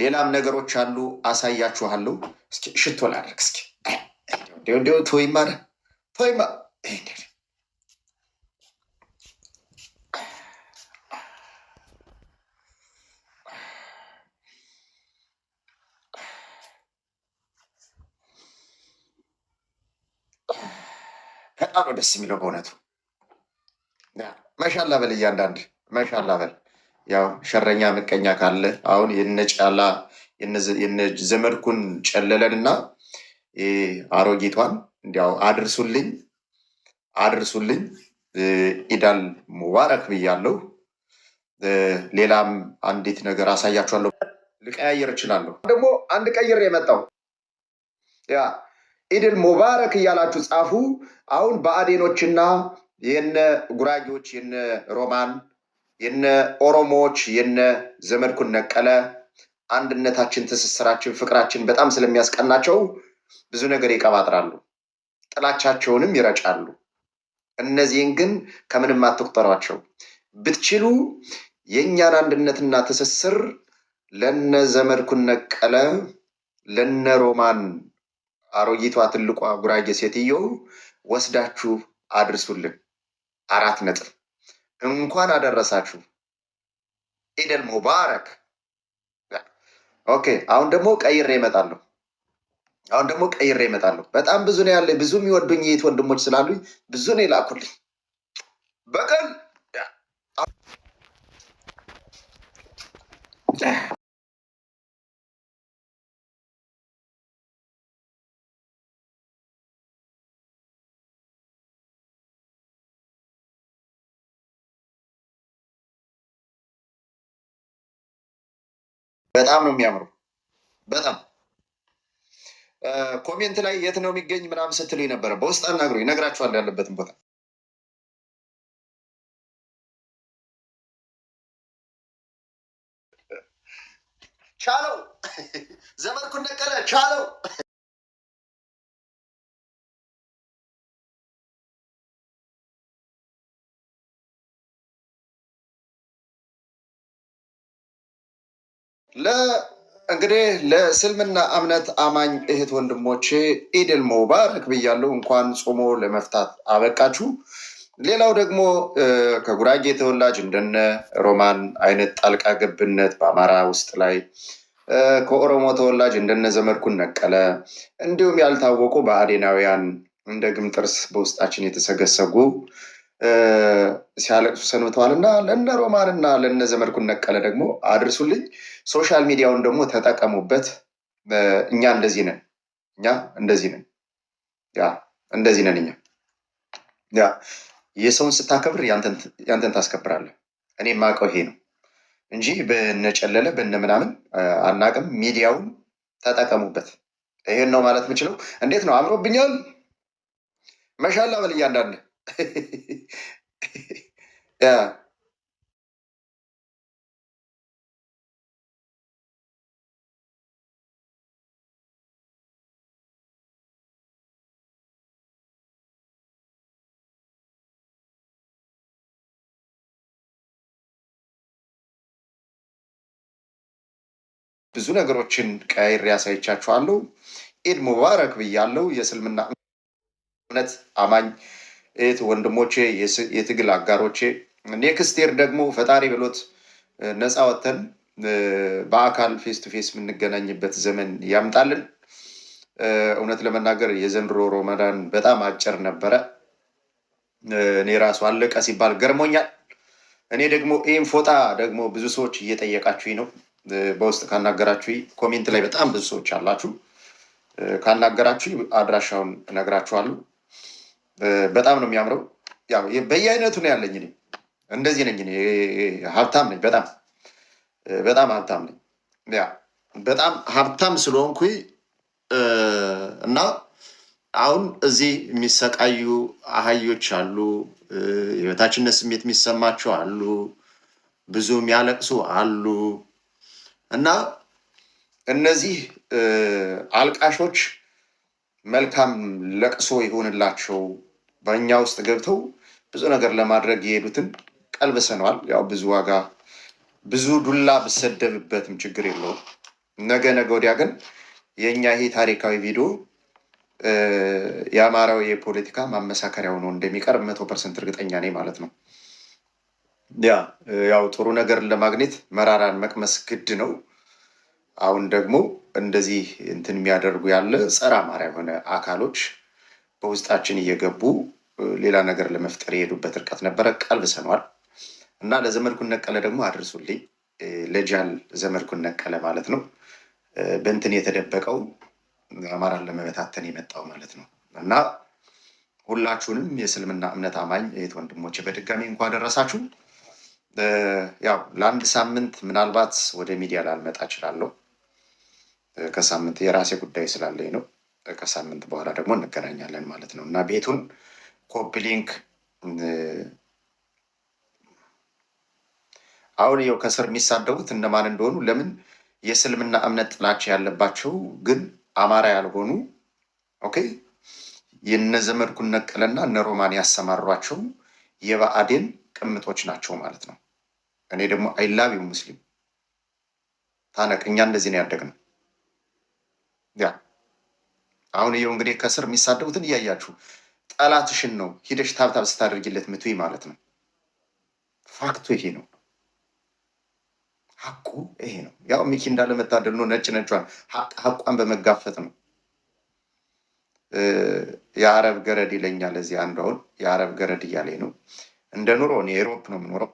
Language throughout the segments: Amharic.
ሌላም ነገሮች አሉ፣ አሳያችኋለሁ። ሽቶ ላደርግ እስኪ እንዲሁ ቶይማ ቶይማ በጣም ነው ደስ የሚለው በእውነቱ። መሻላ በል እያንዳንድ መሻላ በል ያው ሸረኛ ምቀኛ ካለ አሁን የነ ጫላ የነ ዘመድኩን ጨለለን እና አሮጊቷን እንዲያው አድርሱልኝ አድርሱልኝ ኢዳል ሙባረክ ብያለሁ። ሌላም አንዲት ነገር አሳያችኋለሁ። ልቀያየር እችላለሁ። ደግሞ አንድ ቀይር የመጣው ያ ኢድል ሙባረክ እያላችሁ ጻፉ። አሁን በአዴኖችና የነ ጉራጌዎች የነ ሮማን የነ ኦሮሞዎች የነ ዘመድኩን ነቀለ አንድነታችን፣ ትስስራችን፣ ፍቅራችን በጣም ስለሚያስቀናቸው ብዙ ነገር ይቀባጥራሉ፣ ጥላቻቸውንም ይረጫሉ። እነዚህን ግን ከምንም አትቁጠሯቸው። ብትችሉ የእኛን አንድነትና ትስስር ለነ ዘመድኩን ነቀለ ለነ ሮማን አሮጊቷ ትልቋ ጉራጌ ሴትዮ ወስዳችሁ አድርሱልን። አራት ነጥብ እንኳን አደረሳችሁ። ኢደል ሙባረክ። ኦኬ አሁን ደግሞ ቀይሬ እመጣለሁ። አሁን ደግሞ ቀይሬ እመጣለሁ። በጣም ብዙ ነው ያለ ብዙ የሚወዱኝ የት ወንድሞች ስላሉኝ ብዙ ነው ይላኩልኝ በቀን በጣም ነው የሚያምሩ። በጣም ኮሜንት ላይ የት ነው የሚገኝ ምናምን ስትል ነበረ። በውስጥ አናግሮ ይነግራችኋል ያለበትን ቦታ ቻለው። ዘመድኩን ነቀለ ቻለው። እንግዲህ ለእስልምና እምነት አማኝ እህት ወንድሞቼ ኢድል ሙባረክ ብያለሁ። እንኳን ጾሞ ለመፍታት አበቃችሁ። ሌላው ደግሞ ከጉራጌ ተወላጅ እንደነ ሮማን አይነት ጣልቃ ገብነት በአማራ ውስጥ ላይ ከኦሮሞ ተወላጅ እንደነ ዘመድኩን ነቀለ እንዲሁም ያልታወቁ ብአዴናውያን እንደ ግም ጥርስ በውስጣችን የተሰገሰጉ ሲያለቅሱ ሰንብተዋል እና ለነ ሮማን እና ለነ ዘመድኩን ነቀለ ደግሞ አድርሱልኝ። ሶሻል ሚዲያውን ደግሞ ተጠቀሙበት። እኛ እንደዚህ ነን፣ እኛ እንደዚህ ነን፣ ያ እንደዚህ ነን። እኛ ያ የሰውን ስታከብር ያንተን ታስከብራለህ። እኔ የማውቀው ይሄ ነው እንጂ በነጨለለ በነ ምናምን አናቅም። ሚዲያውን ተጠቀሙበት። ይሄን ነው ማለት የምችለው። እንዴት ነው? አምሮብኛል። መሻላ በል እያንዳንድ yeah. ብዙ ነገሮችን ቀይሬ ያሳይቻችኋለሁ። ኢድ ሙባረክ ብያለሁ። የእስልምና እምነት አማኝ እህት ወንድሞቼ፣ የትግል አጋሮቼ ኔክስቴር ደግሞ ፈጣሪ ብሎት ነፃ ወተን በአካል ፌስ ቱ ፌስ የምንገናኝበት ዘመን ያምጣልን። እውነት ለመናገር የዘንድሮ ሮመዳን በጣም አጭር ነበረ። እኔ ራሱ አለቀ ሲባል ገርሞኛል። እኔ ደግሞ ይህም ፎጣ ደግሞ ብዙ ሰዎች እየጠየቃችሁኝ ነው። በውስጥ ካናገራችሁ ኮሜንት ላይ በጣም ብዙ ሰዎች አላችሁ። ካናገራችሁ አድራሻውን እነግራችኋለሁ። በጣም ነው የሚያምረው። ያው በየአይነቱ ነው ያለኝ። እኔ እንደዚህ ነኝ። ሀብታም ነኝ። በጣም በጣም ሀብታም ነኝ። ያ በጣም ሀብታም ስለሆንኩኝ እና አሁን እዚህ የሚሰቃዩ አህዮች አሉ፣ የበታችነት ስሜት የሚሰማቸው አሉ፣ ብዙ የሚያለቅሱ አሉ እና እነዚህ አልቃሾች መልካም ለቅሶ ይሆንላቸው በእኛ ውስጥ ገብተው ብዙ ነገር ለማድረግ የሄዱትን ቀልብሰነዋል። ያው ብዙ ዋጋ ብዙ ዱላ ብሰደብበትም ችግር የለውም። ነገ ነገ ወዲያ ግን የእኛ ይሄ ታሪካዊ ቪዲዮ የአማራዊ የፖለቲካ ማመሳከሪያ ሆኖ እንደሚቀርብ መቶ ፐርሰንት እርግጠኛ ነኝ ማለት ነው። ያ ያው ጥሩ ነገር ለማግኘት መራራን መቅመስ ግድ ነው። አሁን ደግሞ እንደዚህ እንትን የሚያደርጉ ያለ ጸረ አማራ የሆነ አካሎች በውስጣችን እየገቡ ሌላ ነገር ለመፍጠር የሄዱበት እርቀት ነበረ። ቀልብሰነዋል እና ለዘመድኩን ነቀለ ደግሞ አድርሱልኝ። ለጃል ዘመድኩን ነቀለ ማለት ነው። በእንትን የተደበቀው አማራን ለመበታተን የመጣው ማለት ነው እና ሁላችሁንም የእስልምና እምነት አማኝ እህት ወንድሞች በድጋሚ እንኳ ደረሳችሁ። ያው ለአንድ ሳምንት ምናልባት ወደ ሚዲያ ላልመጣ እችላለሁ። ከሳምንት የራሴ ጉዳይ ስላለኝ ነው። ከሳምንት በኋላ ደግሞ እንገናኛለን ማለት ነው እና ቤቱን ኮፕሊንክ አሁን ይኸው ከስር የሚሳደቡት እነማን እንደሆኑ ለምን የእስልምና እምነት ጥላቻ ያለባቸው ግን አማራ ያልሆኑ ኦኬ የነ ዘመድኩን ነቀለና እነ ሮማን ያሰማሯቸው የባአዴን ቅምጦች ናቸው ማለት ነው። እኔ ደግሞ አይላቢው ሙስሊም ታነቅ እኛ እንደዚህ ነው ያደግነው። ያ አሁን ይኸው እንግዲህ ከስር የሚሳደቡትን እያያችሁ ጠላትሽን ነው ሂደሽ ታብታብ ስታደርጊለት ምትይ ማለት ነው። ፋክቱ ይሄ ነው፣ ሀቁ ይሄ ነው። ያው ሚኪ እንዳለመታደል ነው ነጭ ነጯን ሀቋን በመጋፈጥ ነው። የአረብ ገረድ ይለኛል። እዚህ አንዱ አሁን የአረብ ገረድ እያለኝ ነው። እንደ ኑሮ እኔ ኤሮፕ ነው የምኖረው።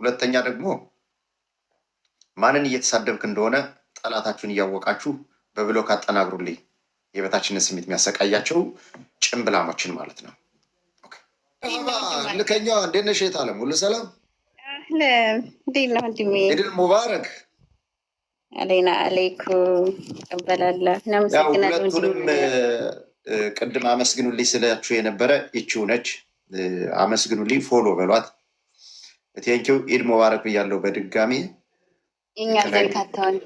ሁለተኛ ደግሞ ማንን እየተሳደብክ እንደሆነ ጠላታችሁን እያወቃችሁ በብሎክ አጠናግሩልኝ የበታችነት ስሜት የሚያሰቃያቸው ጭምብላሞችን ማለት ነው። ልከኛዋ እንዴት ነሽ? የት አለም ሁሉ ሰላም ድል ሙባረክ አሌና አሌይኩም ቀበላላ ሁለቱንም ቅድም አመስግኑልኝ ስላችሁ የነበረ ይቺው ነች። አመስግኑልኝ፣ ፎሎ በሏት። ቴንኪው ኢድ ሙባረክ ብያለሁ በድጋሚ እኛ ዘንካታዋል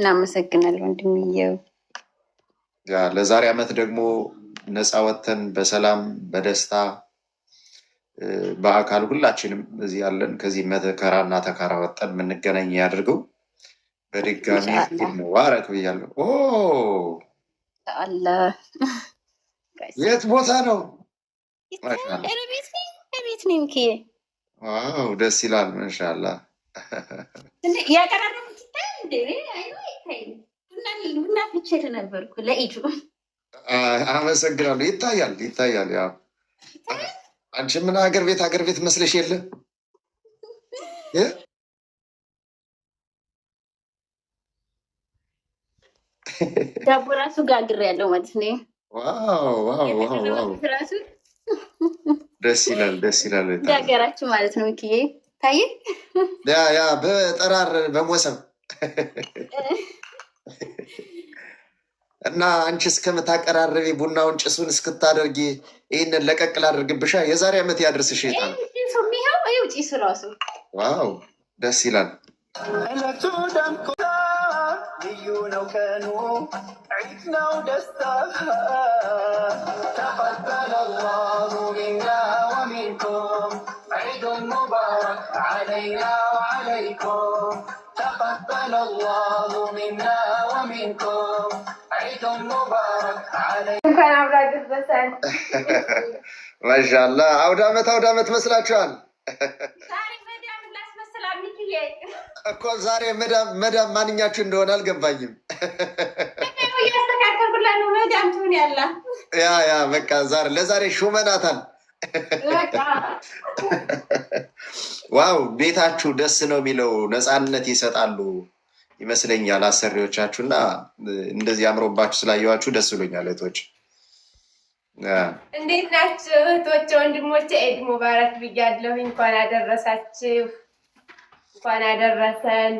እናመሰግናል ወንድምየው። ለዛሬ ዓመት ደግሞ ነፃ ወተን በሰላም በደስታ በአካል ሁላችንም እዚህ ያለን ከዚህ መከራ እና ተካራ ወጠን የምንገናኝ ያደርገው። በድጋሚ ዋረክ ብያለሁ። የት ቦታ ነው? ቤት ነው። ደስ ይላል። ያቀራረቡ ቡና ፍቼ ነበርኩ ለኢዱ አመሰግናለሁ። ይታያል ይታያል። ያው አንቺ ምን ሀገር ቤት ሀገር ቤት መስለሽ የለ ዳቦ ራሱ ጋግር ያለው ማለት ነው። ራሱ ደስ ይላል ደስ ይላል። ሀገራችን ማለት ነው። ታየ ያ ያ በጠራር በሞሰብ እና አንቺ እስከምታቀራረቢ ቡናውን ጭሱን እስክታደርጊ ይህንን ለቀቅ ላደርግብሻ። የዛሬ ዓመት ያድርስ ይሽጣል። ጭሱ ራሱ ዋው ደስ ይላል። እለቱ ደምቆ ልዩ ነው ቀኑ፣ ዒድ ነው ደስታ። ተቀበለ ላሁ ሚና ወሚንኩም ሙባረክ ዓለይና ወዓለይኩም تقبل الله منا ومنكم عيد مبارك عليكم እንኳን አብራችሁ በሰል ማሻአላ አውደ አመት አውደ አመት መስላችኋል። እኮ ዛሬ መዳም ማንኛችሁ እንደሆነ አልገባኝም። ያ ያ በቃ ዛሬ ለዛሬ ሹመናታል። ዋው ቤታችሁ ደስ ነው የሚለው ነፃነት ይሰጣሉ ይመስለኛል አሰሪዎቻችሁ እና እንደዚህ አምሮባችሁ ስላየዋችሁ ደስ ብሎኛል። እህቶች እንዴት ናችሁ? እህቶች ወንድሞቼ፣ ኤድ ሙባረክ ብያለሁ። እንኳን አደረሳችሁ፣ እንኳን አደረሰን፣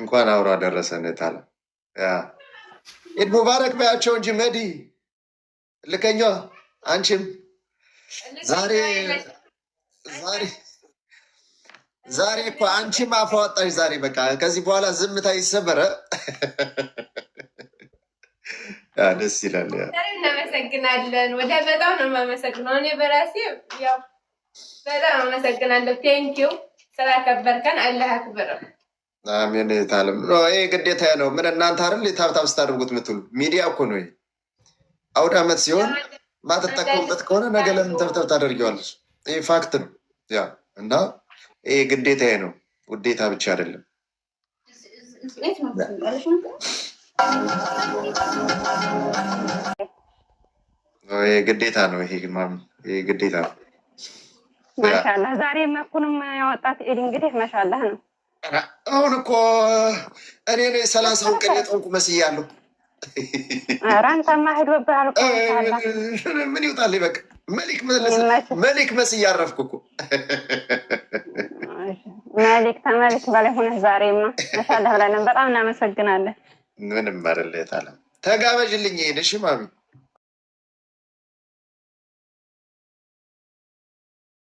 እንኳን አብሮ አደረሰን። ታል ኤድ ሙባረክ በያቸው እንጂ መዲ ልከኛ አንቺም ዛሬ ዛሬ ዛሬ እኮ አንቺ ማፋወጣሽ ዛሬ በቃ ከዚህ በኋላ ዝምታ ይሰበረ። ደስ ይላል። እናመሰግናለን። ወደ በጣም ነው የማመሰግነው እኔ በራሴ ያው በጣም አመሰግናለሁ። ቴንኪዩ ስላከበርከን። አላህ አክብር። አሜን። ታለም ይሄ ግዴታ ነው። ምን እናንተ አይደል ታብታብ ስታደርጉት ምትሉ ሚዲያ እኮ ነው። አውድ አመት ሲሆን ማትጠቀሙበት ከሆነ ነገ ለምን ተብተብ ታደርጊዋለች? ይህ ፋክት ነው። ያ እና ይሄ ግዴታ ነው፣ ውዴታ ብቻ አይደለም። ግዴታ ነው። ይሄ ይሄ ግዴታ ነው። ማሻላ ዛሬ መኩንም ያወጣት ኤድ እንግዲህ መሻላህ ነው። አሁን እኮ እኔ ሰላሳውን ቀን የጠንኩ መስያለሁ ራንታማ አንተማ ሄዶብሃል እኮ ምን ይውጣል። በቃ መሌክ መስ እያረፍኩ እኮ መሌክ ተመልክ በላይ ሆነ። ዛሬማ መሻለህ ብለን በጣም እናመሰግናለን። ምንም መርልህ ታለም ተጋበዥልኝ ሄደሽ ማሚ